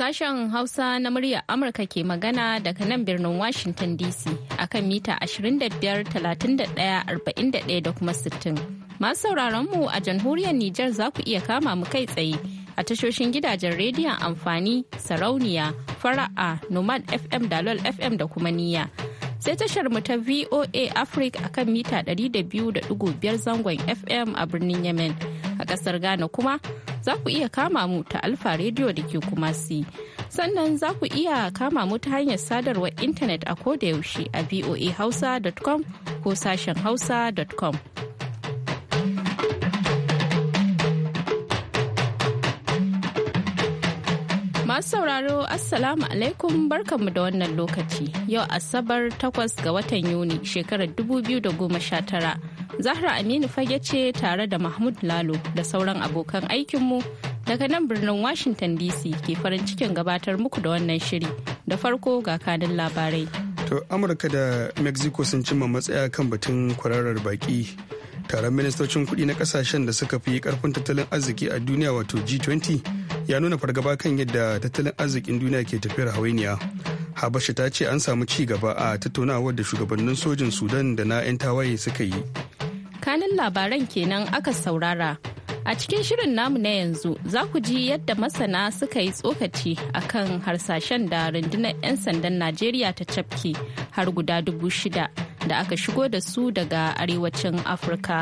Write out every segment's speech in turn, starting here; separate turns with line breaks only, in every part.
Sashen Hausa na muryar Amurka ke magana daga nan birnin Washington DC akan mita 25, 31, 41 da kuma 60. Masu sauraronmu mu a jamhuriyar Nijar za ku iya kama mu kai tsaye. a tashoshin gidajen rediyon amfani sarauniya fara'a nomad fm dalol fm da kuma Niya sai tashar mu ta voa africa akan mita 200.5 zangon fm a birnin yemen a ƙasar Ghana kuma za ku iya kama mu ta Alfa Radio da ke Kumasi. Sannan za ku iya kama mu ta hanyar sadarwar intanet a ko da yaushe a voahausa.com ko sashen hausa.com. Masu sauraro Assalamu alaikum barkanmu da wannan lokaci. Yau Asabar 8 ga watan Yuni shekarar 2019 Zahra Aminu fage ce tare da Mahmud Lalo da sauran abokan aikinmu daga nan birnin Washington DC ke farin cikin gabatar muku da wannan shiri. Da farko ga kanin labarai. To
Amurka da Mexico sun cimma matsaya kan batun kwararar baki. Taron ministocin kudi na kasashen da suka fi karfin tattalin arziki a duniya wato G20 ya nuna fargaba kan yadda tattalin arzikin duniya ke tafiyar hawainiya. Habasha ta ce an samu ci gaba a tattaunawar da shugabannin sojin Sudan da na 'yan tawaye suka yi.
kanin labaran kenan aka saurara. A cikin shirin namu na yanzu za ku ji yadda masana suka yi tsokaci a kan harsashen da rundunar 'yan sandan Najeriya ta cafke har guda dubu shida da aka shigo da su daga arewacin Afirka.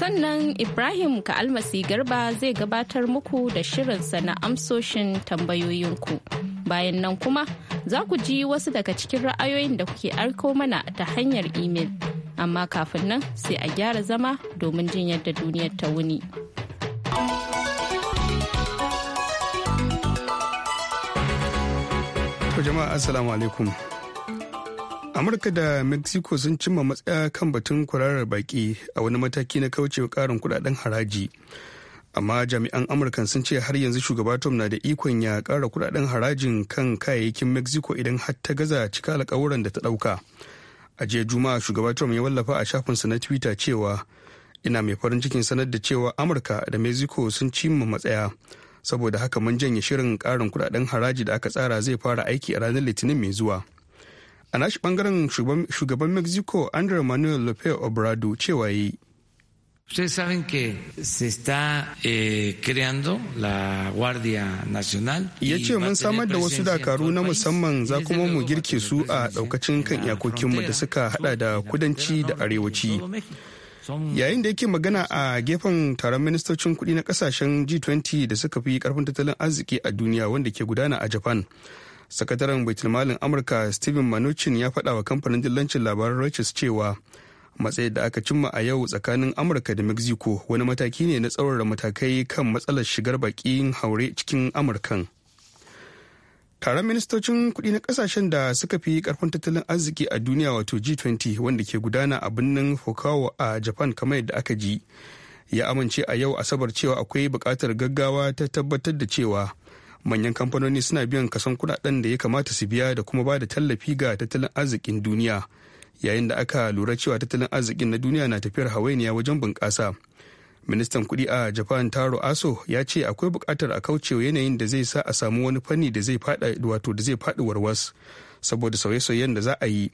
Sannan Ibrahim ka Almasi Garba zai gabatar muku da shirinsa na amsoshin tambayoyinku. Bayan nan kuma za ku ji wasu daga cikin ra'ayoyin da kuke aiko mana ta hanyar imel. amma kafin nan sai a gyara zama domin jin yadda duniyar ta wuni.
jama'a assalamu alaikum amurka da mexico sun cimma matsaya kan batun kwararar baki a wani mataki na kaucewa karin kudaden haraji amma jami'an amurka sun ce har yanzu shugaba tom na da ikon ya kara kudaden harajin kan kayayyakin mexico idan har ta gaza cika alkawuran da ta dauka a jiya juma'a shugaba trump ya wallafa a shafinsa na twitter cewa ina mai farin cikin sanar da cewa amurka da mexico sun cimma matsaya saboda haka mun janye shirin karin kudaden haraji da aka tsara zai fara aiki a ranar litinin mai zuwa a nashi bangaren shugaban mexico andrew manuel lopez obrado cewa yi
Ustedes saben que se está eh, creando la Guardia Nacional. Ya ce mun samar da wasu
dakaru na musamman za kuma mu girke su a daukacin kan iyakokinmu da suka hada da kudanci da arewaci. Yayin da yake magana a gefen taron ministocin kudi na kasashen G20 da suka fi karfin tattalin arziki a duniya wanda ke gudana a Japan. Sakataren Baitulmalin Amurka Steven Mnuchin ya faɗa wa kamfanin dillancin labaran Reuters cewa matsayar da aka cimma a yau tsakanin amurka da mexico wani mataki ne na tsaurara matakai kan matsalar shigar bakin haure cikin amurkan taron ministocin kudi na kasashen da suka fi karfin tattalin arziki a duniya wato g20 wanda ke gudana a birnin hokawa a japan kamar yadda aka ji ya amince a yau asabar cewa akwai bukatar gaggawa ta tabbatar da cewa manyan kamfanoni suna biyan kason kudaden da ya kamata su biya da kuma ba da tallafi ga tattalin arzikin duniya yayin da aka lura cewa tattalin arzikin na duniya na tafiyar hawainiya wajen bunƙasa ministan kuɗi a japan taro aso ya ce akwai buƙatar a kaucewa yanayin da zai sa a samu wani fanni da zai faɗi wato da zai faɗi warwas saboda sauye-sauyen da za a yi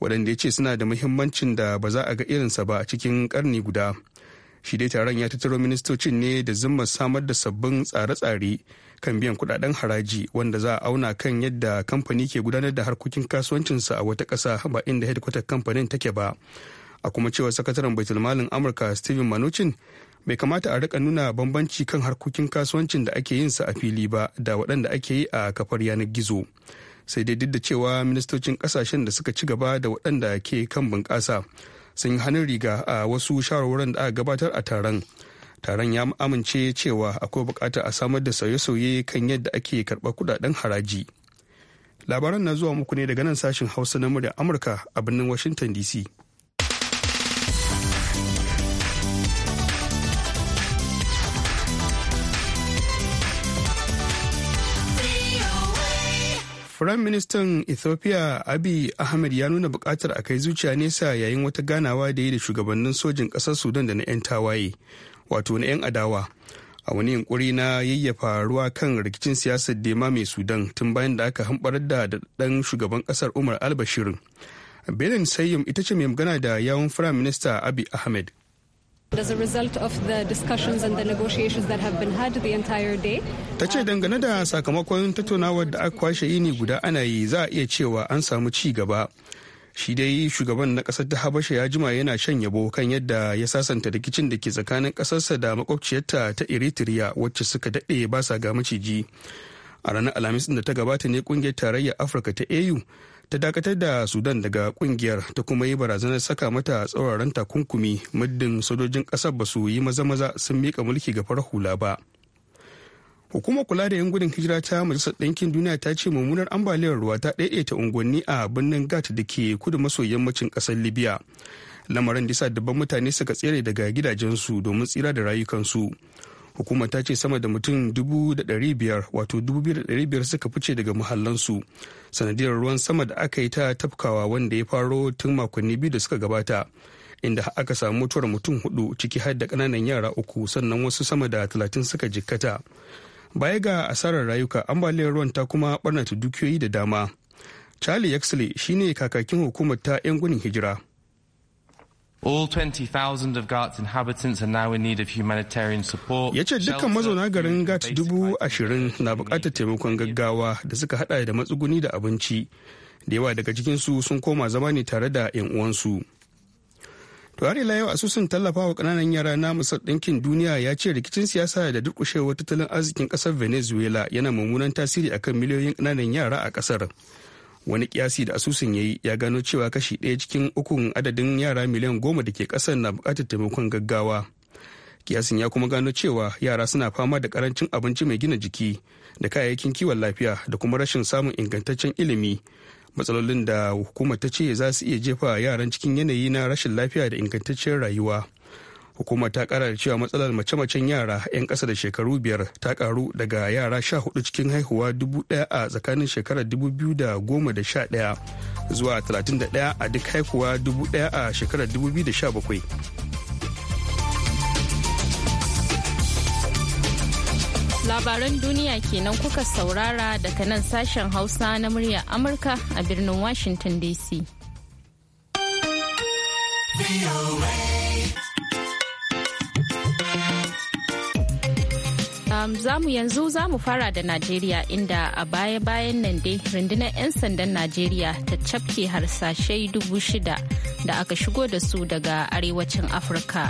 waɗanda ya ce suna da muhimmancin da ba za a ga irinsa ba a cikin karni guda shi dai taron ya tattaro ministocin ne da zimmar samar da sabbin tsare-tsare kan biyan kudaden haraji wanda za a auna kan yadda kamfani ke gudanar da harkokin kasuwancinsa a wata ƙasa ba inda headquarter kamfanin take ba a kuma cewa sakataren baitulmalin amurka steven manuchin bai kamata a rika nuna bambanci kan harkokin kasuwancin da ake yin yinsa a fili ba da waɗanda ake yi a kafar yanar gizo sai dai duk da cewa ministocin kasashen da suka ci gaba da waɗanda ke kan bunƙasa sun yi hannun riga a wasu shawarwarin da aka gabatar a taron taron ya amince cewa akwai bukatar a samar da sauye-sauye kan yadda ake karɓar kudaden haraji labaran na zuwa muku ne daga nan sashen hausa na murya amurka a birnin washington dc Firayim Ministan Ethiopia abi Ahmed ya nuna bukatar a kai zuciya nesa yayin wata ganawa da yi da shugabannin sojin ƙasar Sudan da na 'yan tawaye, wato na 'yan adawa. A wani yunkuri na yayyafa ruwa kan rikicin siyasar dema mai Sudan tun bayan da aka hambarar da ɗan shugaban ƙasar Umar al-Bashir. Belin Sayyum ita ce mai magana da yawun Firayim Minista Abiy Ahmed. Ta ce dangane da sakamakon tattaunawar da aka kwashe yini guda ana yi za a iya cewa an samu ci gaba. Shi dai shugaban na kasar ta Habasha ya jima yana shan yabo kan yadda ya sasanta rikicin da ke tsakanin kasarsa da makwabciyarta ta Eritrea wacce suka daɗe ba sa ga maciji. A ranar Alhamis da ta gabata ne kungiyar tarayyar Afirka ta AU ta dakatar da sudan daga kungiyar ta kuma yi barazanar saka mata tsauraran takunkumi muddin sojojin kasar ba su yi maza-maza sun mika mulki ga farar hula ba hukumar kula da yan gudun hijira ta majalisar ɗinkin duniya ta ce mummunar ambaliyar ruwa ta ɗaiɗaita unguwanni a birnin gat da ke kudu maso yammacin ƙasar libya lamarin da sa dabban mutane suka tsere daga gidajensu domin tsira da rayukansu hukumar ta ce sama da mutum 500 wato 2,500 suka fice daga muhallansu sanadiyar ruwan sama da aka yi ta tafkawa wanda ya faro tun makonni biyu da suka gabata inda aka samu mutuwar mutum hudu ciki har da kananan yara uku sannan wasu sama da talatin suka jikkata baya ga asarar rayuka ambaliyar ruwan ta kuma barnata dukiyoyi da dama charlie yaxley shine kakakin hukumar ta 'yan gunin hijira
All 20,000 of Ghat's inhabitants are now in need of humanitarian support. Ya ce dukkan mazauna garin Ghat
dubu ashirin na bukatar taimakon gaggawa da suka hada da matsuguni da abinci. Da yawa daga cikinsu sun koma zama ne tare da 'yan uwansu. To har yau asusun tallafawa kananan yara na musar ɗinkin duniya ya ce rikicin siyasa da durƙushewar tattalin arzikin ƙasar Venezuela yana mummunan tasiri akan miliyoyin kananan yara a ƙasar. wani kiyasi da asusun ya yi ya gano cewa kashi ɗaya cikin ukun adadin yara miliyan goma da ke ƙasar na buƙatar taimakon gaggawa kiyasin ya kuma gano cewa yara suna fama da karancin abinci mai gina jiki da kayayyakin kiwon lafiya da kuma rashin samun ingantaccen ilimi matsalolin da hukumar ta ce za su iya jefa yaran cikin yanayi na rashin lafiya da ingantaccen rayuwa hukumar ta kara da cewa matsalar mace-macen yara 'yan ƙasa da shekaru biyar ta karu daga yara sha hudu cikin haihuwa dubu daya a tsakanin shekarar dubu biyu da goma da sha daya zuwa talatin da daya a duk haihuwa dubu daya a shekarar dubu biyu da sha bakwai
labaran duniya kenan kuka saurara daga nan sashen hausa na murya amurka a birnin washington dc. Um, zamu yanzu za mu fara da Najeriya inda a baya-bayan nan dai rundunar 'yan sandan Najeriya ta cafke harsashe dubu shida da aka shigo da su daga arewacin Afirka.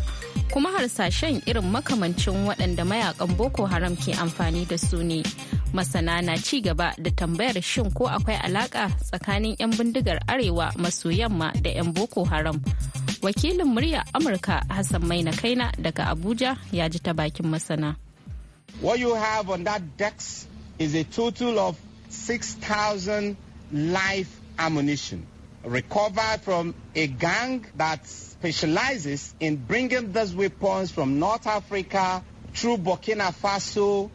Kuma harsashen irin makamancin waɗanda mayakan Boko Haram ke amfani da su ne. Masana na ci gaba da tambayar shin ko akwai alaƙa tsakanin 'yan bindigar arewa maso yamma da 'yan Boko Haram. Wakilin murya Amurka Hassan Maina Kaina daga Abuja ya ji ta bakin masana.
What you have on that deck is a total of 6,000 live ammunition recovered from a gang that specializes in bringing these weapons from North Africa through Burkina Faso,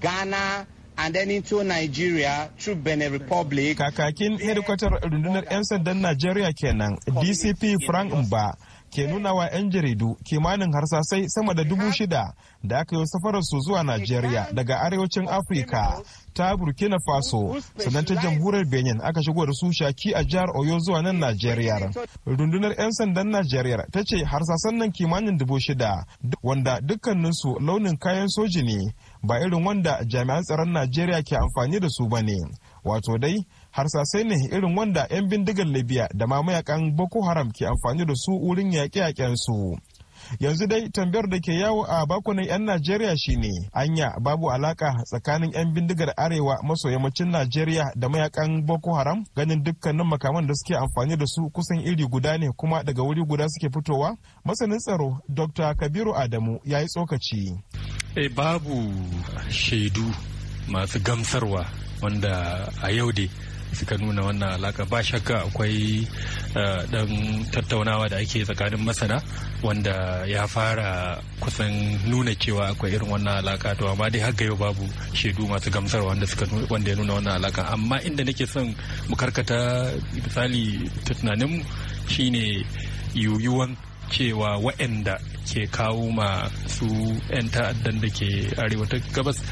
Ghana, and then into Nigeria through Benin Republic. Kakakin hedikwatar rundunar 'yan sandan Nigeria Kenang DCP Frank Mba. ke nuna wa 'yan jaridu kimanin harsasai sama da dubu shida da aka yi safararsu zuwa Najeriya daga arewacin Afrika ta Burkina Faso sannan ta jamhuriyar Benin aka shigo da su shaki a jihar Oyo zuwa nan Najeriya. Rundunar 'yan sandan Najeriya ta ce harsasan nan kimanin dubu shida wanda dukkaninsu launin kayan soji ne ba irin wanda jami'an tsaron Najeriya ke amfani da su ba ne. Wato dai harsasai ne irin wanda 'yan bindigar libya da ma mayakan boko haram ke amfani da su wurin yaƙe su yanzu dai tambayar da ke yawo a bakunan 'yan najeriya shine anya babu alaka tsakanin 'yan bindigar arewa maso yammacin najeriya da mayakan boko haram ganin dukkanin makaman da suke amfani da su kusan iri guda ne kuma daga wuri guda suke fitowa masanin tsaro dr kabiru adamu ya yi tsokaci eh, babu shaidu masu gamsarwa wanda a yau dai suka nuna wannan alaka ba shakka akwai dan eh, tattaunawa da ake tsakanin masana wanda ya fara kusan nuna cewa akwai irin wannan alaka to amma dai har yau babu shaidu masu gamsarwa wanda suka wanda ya nuna wannan alaka amma inda nake son mu karkata misali ta tunanin shine yuyuwan cewa wa'anda ke kawo ma su 'yan ta'addan da ke arewa ta gabas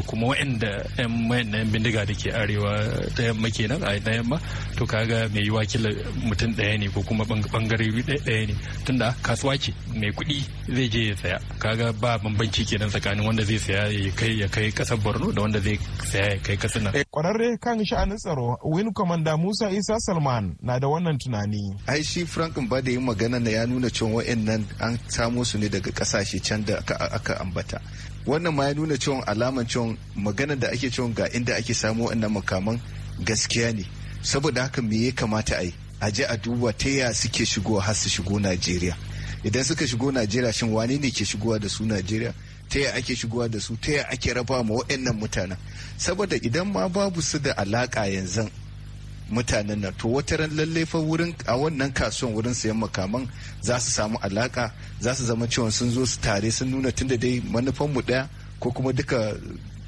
da kuma waɗanda 'yan bindiga da ke arewa ta yamma kenan a na yamma to kaga mai yiwa kila mutum ɗaya ne ko kuma bangare ɗaya ne tunda kasuwa ce mai kuɗi zai je ya saya kaga ba bambanci kenan tsakanin wanda zai saya ya kai ya kai kasar borno da wanda zai saya ya kai kasar nan. Eh, kwararre kan sha'anin tsaro win commander musa isa salman na da wannan
tunani. ai shi frank ba da yin magana na ya nuna cewa wa'in nan an samo su ne daga kasashe can da aka ambata wannan ma ya nuna cewa alaman cewa magana da ake cewa ga inda ake samu wannan makaman gaskiya ne saboda haka me ya kamata a yi a je a duba ta ya suke shigo har su shigo najeriya idan suka shigo najeriya shin wane ne ke shigowa da su najeriya ta ya ake shigowa da su ta ya ake raba ma waɗannan mutanen saboda idan ma babu su da alaka yanzu mutanen nan to wata ran lalle fa wurin a wannan kasuwan wurin sayan makaman za su samu alaka za su zama cewa sun zo su tare sun nuna tunda dai manufan mu daya ko kuma duka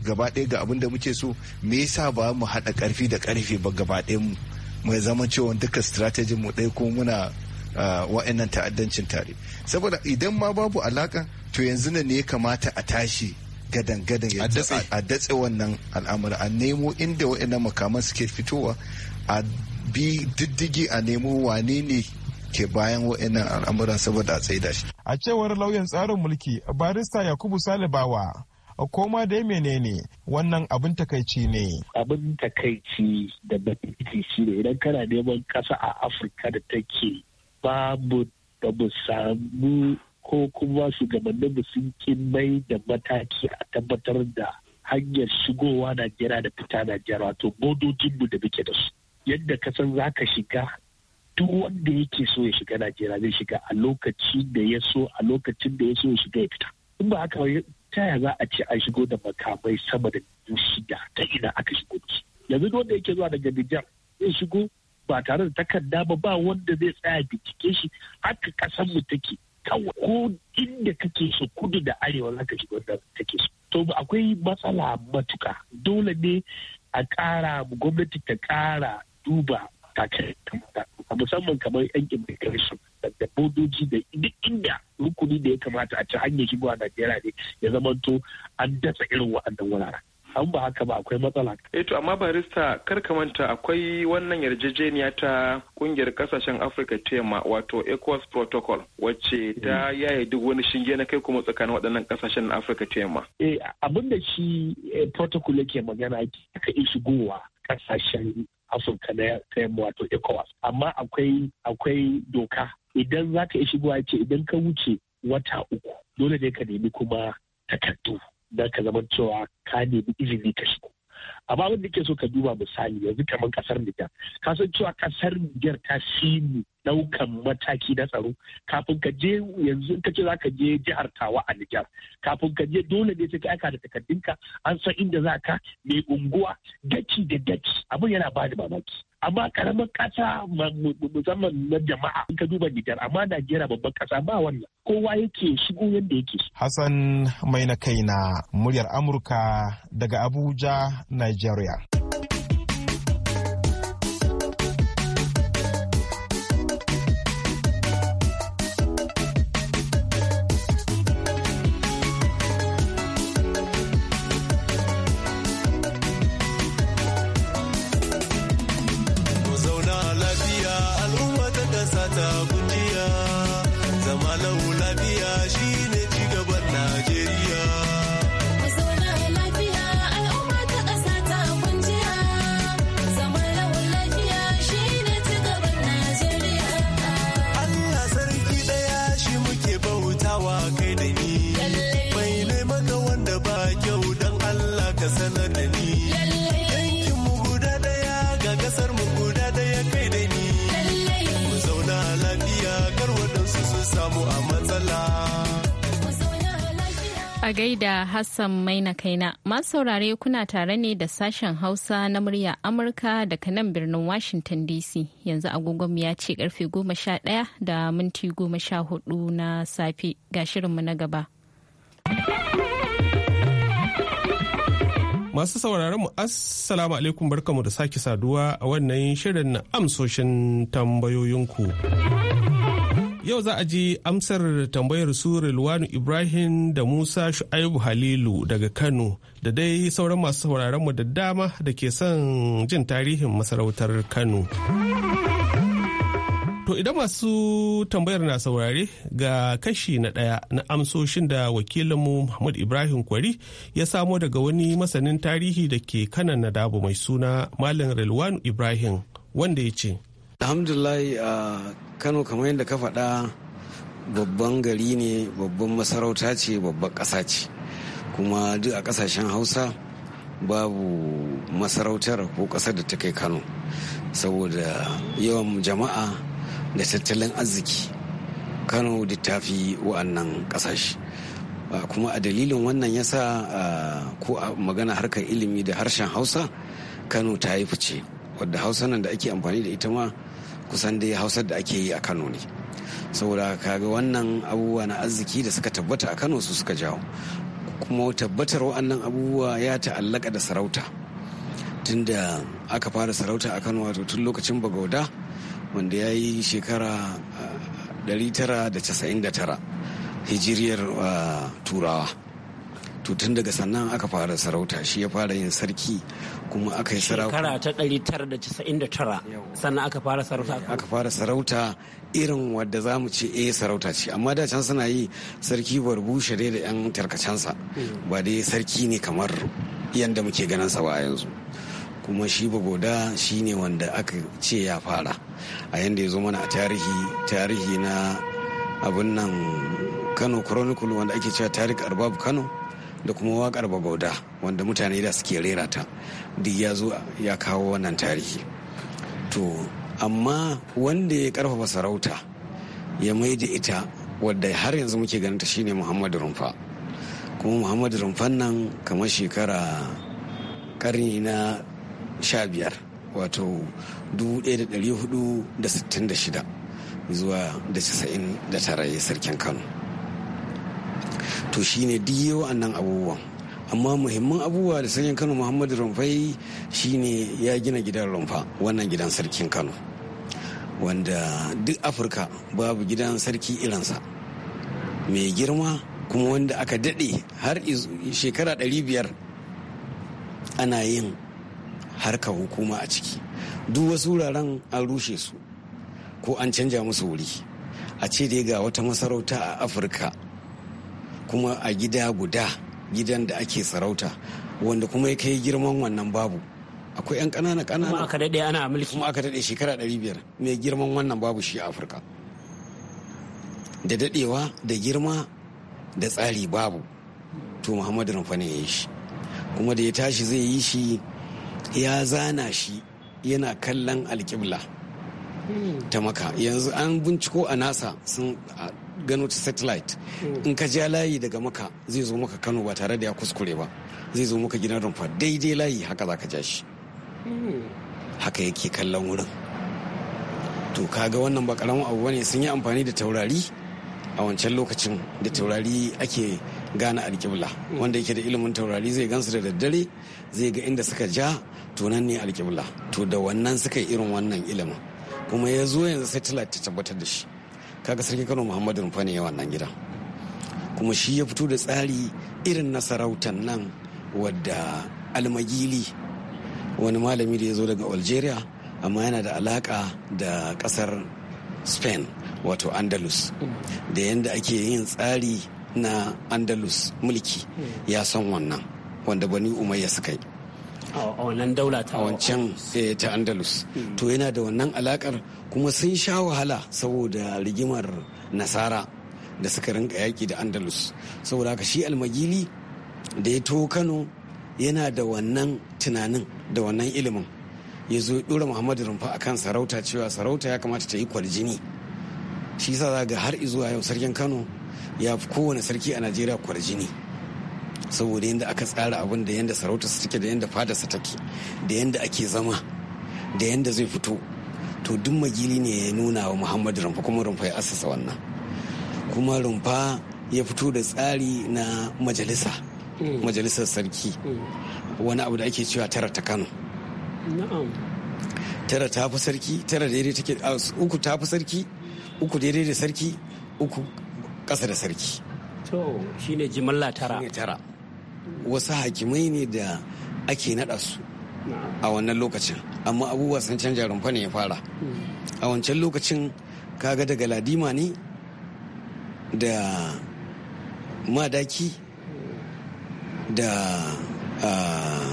gaba ɗaya ga abin da muke so me yasa ba mu haɗa ƙarfi da ƙarfe ba gaba ɗaya mu mai zama cewa duka strategy mu ɗaya ko muna wa'annan ta'addancin tare saboda idan ma babu alaka to yanzu ne ya kamata a tashi gadan-gadan a datse wannan al'amura a nemo inda wa'annan makaman suke fitowa a bi diddigi a nemo wane ne ke bayan wa'annan al'amuran saboda a tsaida shi.
A cewar lauyan tsarin mulki barista Yakubu Salibawa koma dai menene wannan abin takaici ne.
Abin takaici da bakiti shi ne idan kana neman ƙasa a Afirka da take babu da mu samu ko kuma shugabannin mu sun mai da mataki a tabbatar da hanyar shigowa Najeriya da fita Najeriya wato bodojinmu da muke da su. yadda ka san za ka shiga duk wanda yake so ya shiga najeriya zai shiga a lokaci da ya so a lokacin da ya so ya shiga ya fita in ba haka ta yaya za a ce a shigo da makamai sama da shida ta ina aka shigo da su yanzu duk wanda yake zuwa daga bijan zai shigo ba tare da takarda ba ba wanda zai tsaya bincike shi haka kasan mu take kawai ko inda kake so kudu da arewa zaka shigo da kake so to akwai matsala matuka dole ne a ƙara gwamnati ta ƙara duba takai musamman kamar yan immigration da bodoji da duk inda rukuni da ya kamata a ci hanyar a Najeriya ne ya to an dasa irin wa'annan wuraren. an ba haka ba akwai matsala.
Eh to amma barista kar ka manta akwai wannan yarjejeniya ta kungiyar kasashen Afirka ta yamma wato ECOWAS protocol wacce ta mm. yaye duk wani shinge na kai kuma tsakanin waɗannan kasashen Afirka ta yamma.
Eh abinda shi eh, protocol yake magana aka in shigowa kasashen afirka ta yamma wato ecowas amma akwai akwai doka idan za ka ishi shigowa ce idan ka wuce wata uku dole ne ka nemi kuma takardu na ka zama cewa ka nemi izini ka shigo amma wanda ke so ka duba misali yanzu kamar kasar Nijar ka san cewa kasar Nijar ta shi daukan mataki na tsaro kafin ka je yanzu ka ce ka je jihar Tawa a Nijar kafin ka je dole ne sai ka aika da takaddunka an san inda za ka mai unguwa gaci da gaci abin yana ba da mamaki amma karamar kasa musamman na jama'a In ka duba nijar amma najeriya babban kasa ba wannan kowa yake shigo yadda yake
hassan mai na kai na muryar amurka daga abuja nigeria
a gaida Hassan Maina Kaina. Masu saurare kuna tare ne da sashen Hausa na murya Amurka daga nan birnin Washington DC. Yanzu agogon ya ce karfe goma sha ɗaya da minti goma sha hudu na safe ga shirinmu na gaba.
Masu sauraron mu Assalamu alaikum barkamu da sake saduwa a wannan shirin amsoshin tambayoyinku. Yau za a ji amsar tambayar su Rilwanu Ibrahim da Musa Shu'aibu Halilu daga Kano da dai sauran masu sauraron mu da dama da ke son jin tarihin masarautar Kano. To idan masu tambayar na saurare ga kashi na ɗaya na amsoshin da wakilinmu Muhammad Ibrahim Kwari ya samo daga wani masanin tarihi da ke kanan na dabu mai suna Malam Rilwanu Ibrahim wanda ya ce.
alhamdulahi a kano kamar yadda ka faɗa babban gari ne babban masarauta ce babban ƙasa ce kuma duk a ƙasashen hausa babu masarautar ko ƙasar da ta kai kano saboda yawan jama'a da tattalin arziki kano da fi wa'annan ƙasashe kuma a dalilin wannan yasa ko a magana harkar ilimi da harshen hausa kano ta yi fice wadda hausa nan da ake amfani da ita ma kusan dai hausar da ake yi a kano ne saboda kaga wannan abubuwa na arziki da suka tabbata a kano su suka jawo kuma tabbatar wa'annan abubuwa ya ta'allaka da sarauta tunda aka fara sarauta a kano wato tun lokacin bagauda wanda ya yi shekara 999 ah, hijiriyar ah, turawa to tun daga sannan aka fara sarauta shi ya fara yin sarki kuma aka yi sarauta
shekara ta tara sannan aka fara sarauta eh, aka fara sarauta
irin wadda za mu ce eh sarauta ce amma da can suna yi sarki barbu dai da yan tarkacensa mm. ba dai sarki ne kamar yadda muke ganin sa ba yanzu kuma shi bagoda shi ne wanda aka ce ya fara a yadda ya zo mana a tarihi tarihi na abin nan kano chronicle wanda ake cewa tarihi arbabu kano da kuma waƙar bagauda wanda mutane da suke rera ta duk ya zo ya kawo wannan tarihi to amma wanda ya karfafa sarauta ya mai da ita wadda har yanzu muke ganin ta shine muhammadu rumfa kuma muhammadu rumfan nan kamar shekara karni na sha biyar wato 1466 zuwa da 99 ya sarkin kano to shine diyo a nan abubuwan amma muhimmin abubuwa da sarkin kano muhammadu rumfai shine ya gina gidan rumfa wannan gidan sarkin kano wanda duk afirka babu gidan sarki irinsa mai girma kuma wanda aka daɗe har shekara ɗari biyar ana yin harka hukuma a ciki duk wasu wuraren an rushe su ko an canja musu wuri a ce dai ga wata masarauta a afirka kuma a gida guda gidan da ake sarauta wanda kuma ya kai girman wannan babu akwai 'yan ƙanana ƙanana kuma aka daɗe ana mulki kuma aka daɗe shekara 500 mai girman wannan babu shi a afirka da daɗewa da girma da tsari babu to muhammadu rumfa ne ya yi shi kuma da ya tashi zai yi shi ya zana shi yana kallon alƙibla hmm. ta maka yanzu an binciko a nasa sun gano ta satellite hmm. in ka ja layi daga maka zai zo maka kano ba tare da ya kuskure ba zai zo maka gidan rumfa daidai layi haka za ka ja shi hmm. haka yake kallon wurin to kaga wannan ba karamin abu bane sun yi amfani da taurari a wancan lokacin da taurari ake gane alkibla hmm. wanda yake da ilimin taurari zai gansu da daddare zai ga inda suka ja to nan ne alkibla to da wannan suka yi irin wannan ilimin kuma ya zo yanzu satellite ta tabbatar da shi kaga sarki kano muhammadu rumfa ne wannan gidan kuma shi ya fito da tsari irin na sarautan nan wadda almagili wani malami da ya zo daga algeria amma yana da alaka da kasar spain wato andalus da yadda ake yin tsari na andalus mulki ya san wannan wanda bani umayya suka yi
a wannan
daula ta wancan eh, ta andalus hmm. to yana da wannan alakar kuma sun sha wahala saboda rigimar nasara da suka rinka yaki da andalus saboda haka shi almagili da ya toho kano yana da wannan tunanin da wannan ilimin ya zo ya ɗora muhammadu rumfa a kan sarauta cewa sarauta ya kamata ta yi kwarjini shi sa za ga har izuwa yau sarkin kano ya fi kowane sarki a najeriya kwarjini saboda yadda aka tsara abin da yadda sarautarsa take da yadda fadarsa take da yadda ake zama da yadda zai fito to duk magili ne ya nuna wa muhammadu rumfa kuma rumfa ya asasa wannan kuma rumfa ya fito da tsari na majalisa hmm. majalisar sarki hmm. wani abu da ake cewa tara ta kano tara ta fi sarki tara daidai take uku ta fi sarki uku daidai da sarki uku ƙasa da sarki
to shine
jimalla tara shine tara wasu hakimai ne da ake naɗa su a wannan lokacin amma abubuwa sun canja rumfa ne ya fara a wancan lokacin kaga daga ladima ne da madaki da ah,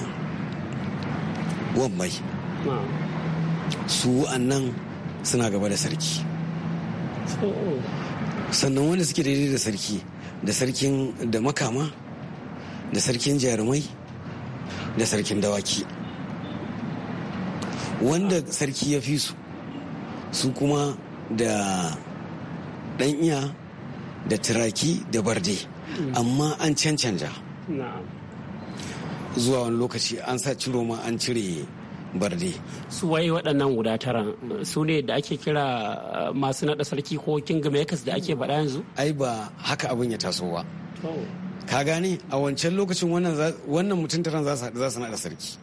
wammai su wa'annan suna gaba da sarki oh. sannan wanda suke daidai da sarki da sarkin da makama da sarkin jarumai da sarkin dawaki wanda sarki ya fi su su kuma da ɗan'iya da turaki da barde amma an cancanja zuwa wani lokaci an sa ciro ma an
cire barde su waye waɗannan guda tara su ne da ake kira eh, masu naɗa sarki ko king makers da ake baɗa yanzu ai ba haka abin ya taso ba
ka gane a wancan lokacin wannan mutum taron za su za su naɗa sarki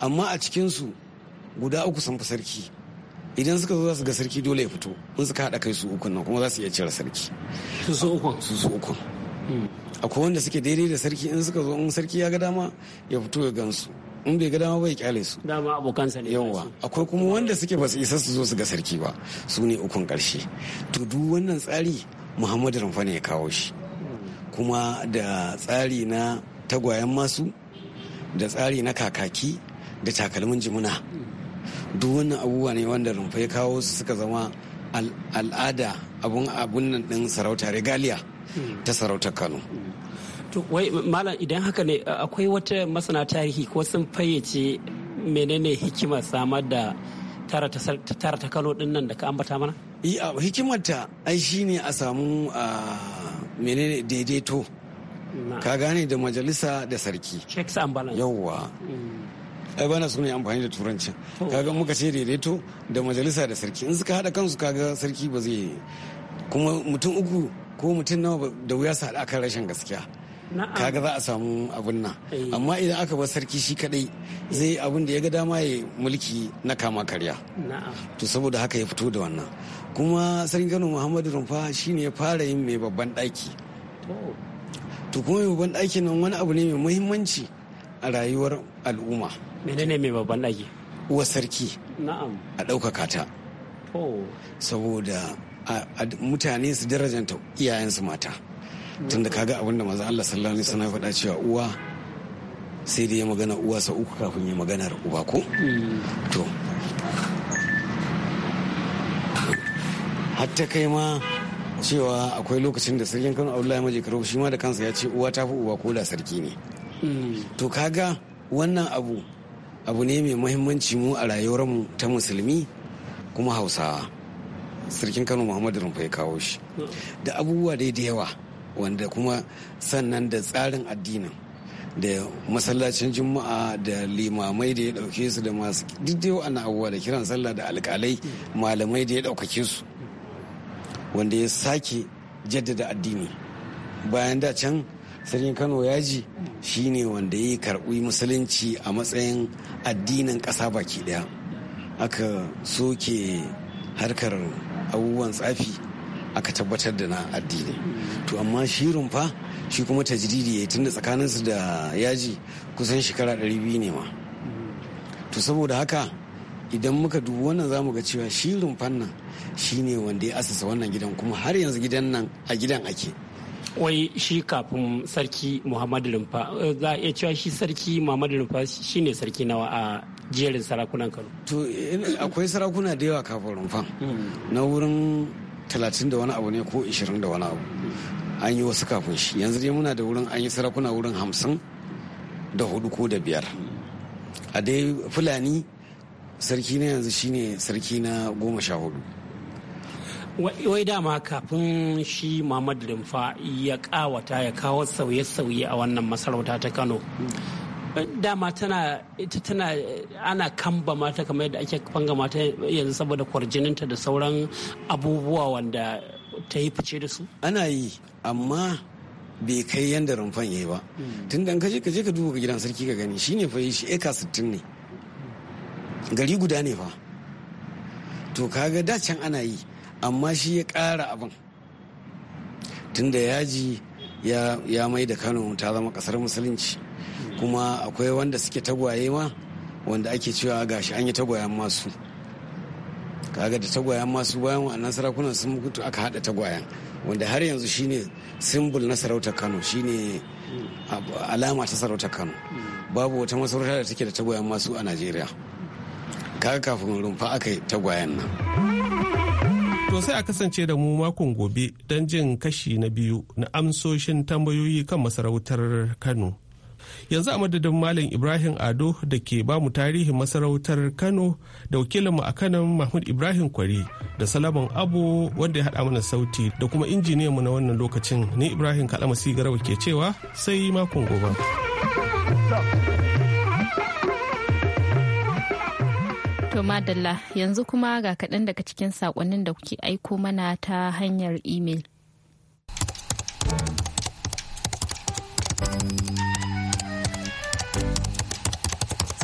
amma a cikinsu guda uku sun fi sarki idan suka zo za su ga sarki dole ya fito in suka haɗa kai su ukun nan kuma za su iya cire sarki su su ukun su su ukun hmm. akwai wanda suke daidai da sarki in suka zo in sarki ya ga dama ya fito ya gansu in bai ga dama bai kyale su dama abokansa ne yawa akwai kuma wanda suke ba su isa su zo su ga sarki ba su ne ukun karshe to duk wannan tsari muhammadu rumfa ne ya kawo shi kuma da tsari na tagwayen masu da tsari na kakaki da takalmin jimuna duk wannan abubuwa ne wanda rumfai kawo su suka zama al'ada abun nan din sarauta regaliya ta sarautar kano
wai malam idan haka ne akwai wata masana tarihi ko sun fayyace menene hikimar samar da tara ta kano din da ka ambata mana? Eh,
hikimar ta ai shine a samu ah, menene daidaito ka gane da majalisa da sarki yawwa ai bana su ne amfani da turancin kaga muka ce daidaito da majalisa da sarki in suka hada kansu kaga sarki ba zai kuma mutum uku ko mutum nawa da wuya su hada kan rashin gaskiya kaga za a samu abin nan eh. amma idan aka bar sarki shi kadai zai abin da ya ga dama ya mulki na kama karya to saboda haka ya fito da wannan kuma sarkin kano muhammadu rumfa shine ya fara yin mai babban daki to kuma mai babban daki nan wani abu ne mai muhimmanci a rayuwar al'umma menene mai babban daki. uwa sarki na'am a ɗaukaka ta saboda mutane su darajanta iyayensu mata tunda kaga abinda maza Allah sallallahu alaihi wasallam faɗa cewa uwa sai dai ya magana uwa sa uku kafin ya maganar uba ko mm. to har ta kai ma cewa akwai lokacin da sarkin kano abdullahi maje karo shi ma da kansa ya ce uwa ta fi uwa ko da sarki ne mm. to kaga wannan abu abu ne mai muhimmanci mu a rayuwar mu ta musulmi kuma hausawa sarkin kano muhammadu rumfa ya kawo shi da abubuwa dai da yawa wanda kuma sannan da tsarin addinin da masallacin juma'a da limamai da ya dauke su da masu duk dai abubuwa da kiran sallah da alkalai malamai da ya daukake su wanda ya sake jaddada addini bayan da can sarkin kano yaji shine wanda ya karɓi musulunci a matsayin addinin ƙasa baki ɗaya aka soke harkar abubuwan tsafi aka tabbatar da na addini to amma shi rumfa shi kuma tajiriri ya tunda tsakaninsu da yaji kusan shekara 200 ne ma to saboda haka idan muka dubi wannan za mu ga cewa shi rumfan nan ne wanda ya asasa wannan gidan kuma har yanzu gidan nan a gidan ake
wai shi kafin sarki muhammadu rumfa eh, za a iya cewa shi sarki muhammadu rumfa ne sarki nawa a jerin sarakunan kano
to akwai sarakuna da yawa kafin rumfan hmm. na wurin talatin da wani abu ne ko ishirin da wani abu an yi wasu kafin shi yanzu dai muna da wurin an yi sarakuna wurin hamsin da hudu ko da biyar a dai fulani sarki na yanzu shine sarki na goma sha hudu
wai dama kafin shi Muhammadu Rumfa ya kawata ya kawo sauye-sauye a wannan masarauta ta Kano. Dama tana ita tana ana kamba mata kamar yadda ake fanga mata yanzu saboda kwarjininta da sauran abubuwa wanda ta yi fice da su? Ana yi, amma bai kai yadda
rumfan ya yi ba. Hmm. Tun da ka je ka je ka duba gidan sarki ka gani shine fa shi eka sittin ne. gari guda ne fa to kaga da can ana yi amma shi ya ƙara abin tunda yaji ya mai da kano ta zama ƙasar musulunci kuma akwai wanda suke tagwaye ma wanda ake cewa gashi an yi tagwayen masu kaga da tagwayen masu bayan wa'annan sarakunan sun mutu aka haɗa tagwayen wanda har yanzu shine simbol na sarautar kano shine alama ta sarautar kano babu wata masarauta da take da tagwayen masu a najeriya kaga kafin rumfa aka yi tagwayen nan to sai a
kasance da mu makon gobe don jin kashi na biyu na amsoshin tambayoyi kan masarautar kano yanzu a madadin malam ibrahim ado da ke ba mu tarihin masarautar kano da wakilinmu a kanan mahmud ibrahim kwari da salaman abu wanda ya haɗa mana sauti da kuma mu na wannan lokacin ne ibrahim kalamasi garawa ke cewa sai makon gobe.
To madalla yanzu kuma ga kaɗan daga cikin saƙonnin da kuke aiko mana ta hanyar imel.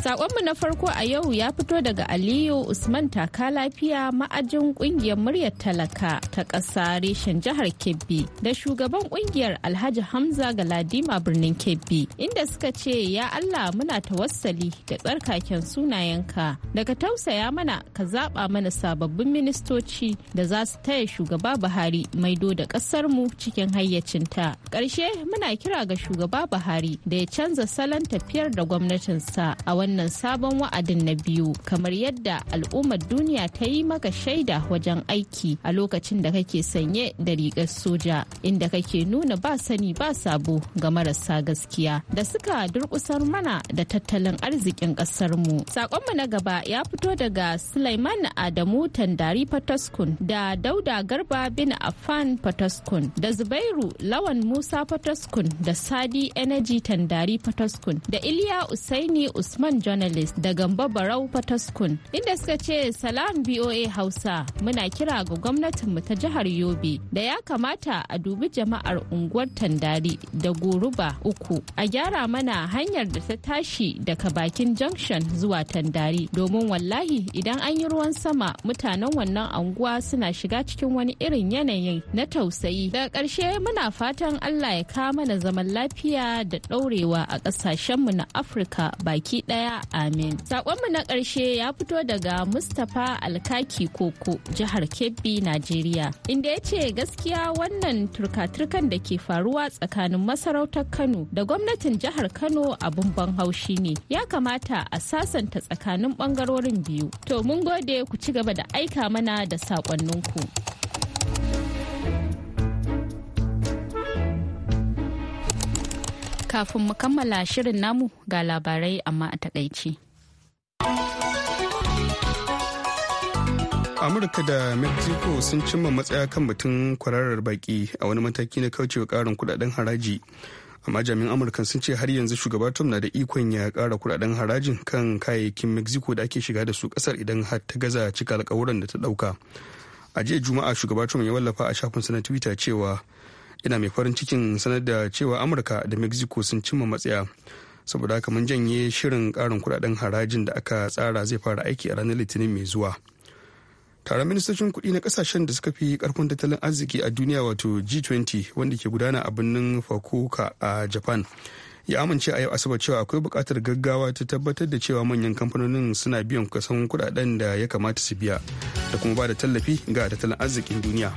Sakonmu na farko a yau ya fito daga Aliyu Usman Taka Lafiya ma'ajin kungiyar muryar talaka ta ƙasa reshen jihar Kebbi da shugaban kungiyar Alhaji Hamza Galadima birnin Kebbi inda suka ce ya Allah muna tawassali da tsarkaken sunayenka daga tausaya mana ka zaɓa mana sababbin ministoci da za su taya shugaba Buhari maido da mu cikin hayyacinta. Ƙarshe muna kira ga shugaba Buhari da ya canza salon tafiyar da gwamnatinsa a wannan wannan sabon wa'adin na biyu kamar yadda al'ummar duniya ta yi maka shaida wajen aiki a lokacin da kake sanye da rigar soja inda kake nuna ba sani ba sabo ga marasa gaskiya da suka durkusar mana da tattalin arzikin mu Sakonmu na gaba ya fito daga Sulaiman Adamu Tandari Fataskun da Dauda Garba bin afan Fataskun da Zubairu Lawan Musa Fataskun da Sadi Energy Tandari Fataskun da Iliya Usaini Usman journalist daga Barau Fataskun inda suka ce salam BOA Hausa muna kira ga gwamnatinmu ta jihar Yobe da ya kamata a dubi jama'ar unguwar Tandari da Goruba uku a gyara mana hanyar da ta tashi daga bakin junction zuwa Tandari domin wallahi idan an yi ruwan sama mutanen wannan unguwa suna shiga cikin wani irin yanayin na tausayi daga ƙarshe muna fatan Allah ya kawo mana zaman lafiya da ɗaurewa a ƙasashenmu na Afirka baki ɗaya ɗaya amin. Sakonmu na ƙarshe ya fito daga Mustapha Alkaki Koko jihar Kebbi, Najeriya. Inda ya ce gaskiya wannan turka da ke faruwa tsakanin masarautar Kano da gwamnatin jihar Kano abun ban haushi ne. Ya kamata a sasanta tsakanin ɓangarorin biyu. To mun gode ku ci gaba da aika mana da saƙonninku. kafin mu kammala shirin namu ga labarai amma a takaici.
amurka da mexico sun cimma matsaya kan batun kwararar baki a wani mataki na kaucewa karin kudaden haraji amma jami'an amurka sun ce har yanzu shugaba trump na da ikon ya kara kudaden harajin kan kayayyakin mexico da ake shiga da su kasar idan har ta gaza cika alkawuran da ta dauka a jiya juma'a shugaba trump ya wallafa a shafinsa na twitter cewa ina mai farin cikin sanar da cewa amurka da mexico sun cimma matsaya saboda haka mun janye shirin karin kudaden harajin da aka tsara zai fara aiki a ranar litinin mai zuwa taron ministocin kudi na kasashen da suka fi karfin tattalin arziki a duniya wato g20 wanda ke gudana a birnin fukuoka a japan ya amince a yau asabar cewa akwai bukatar gaggawa ta tabbatar da cewa manyan kamfanonin suna biyan kasan kudaden da ya kamata su biya da kuma ba da tallafi ga tattalin arzikin duniya.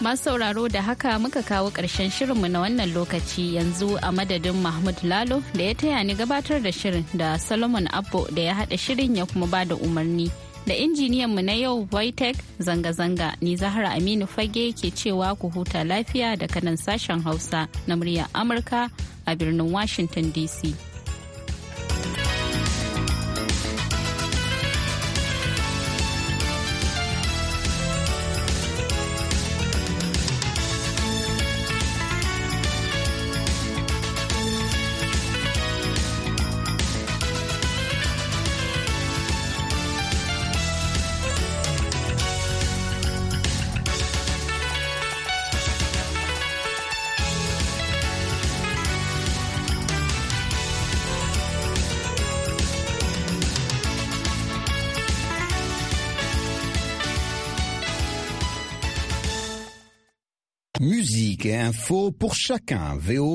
Masu sauraro da haka muka kawo ƙarshen shirinmu na wannan lokaci yanzu a madadin Mahmud Lalo da ya taya ni gabatar da shirin da Solomon Abbo da ya haɗa shirin ya kuma ba da umarni. Da injiniyanmu na yau Vitek zanga-zanga ni Zahra Aminu Fage ke cewa ku huta lafiya da kanan sashen Hausa na muryar Amurka a birnin Washington DC.
faut pour chacun. VOA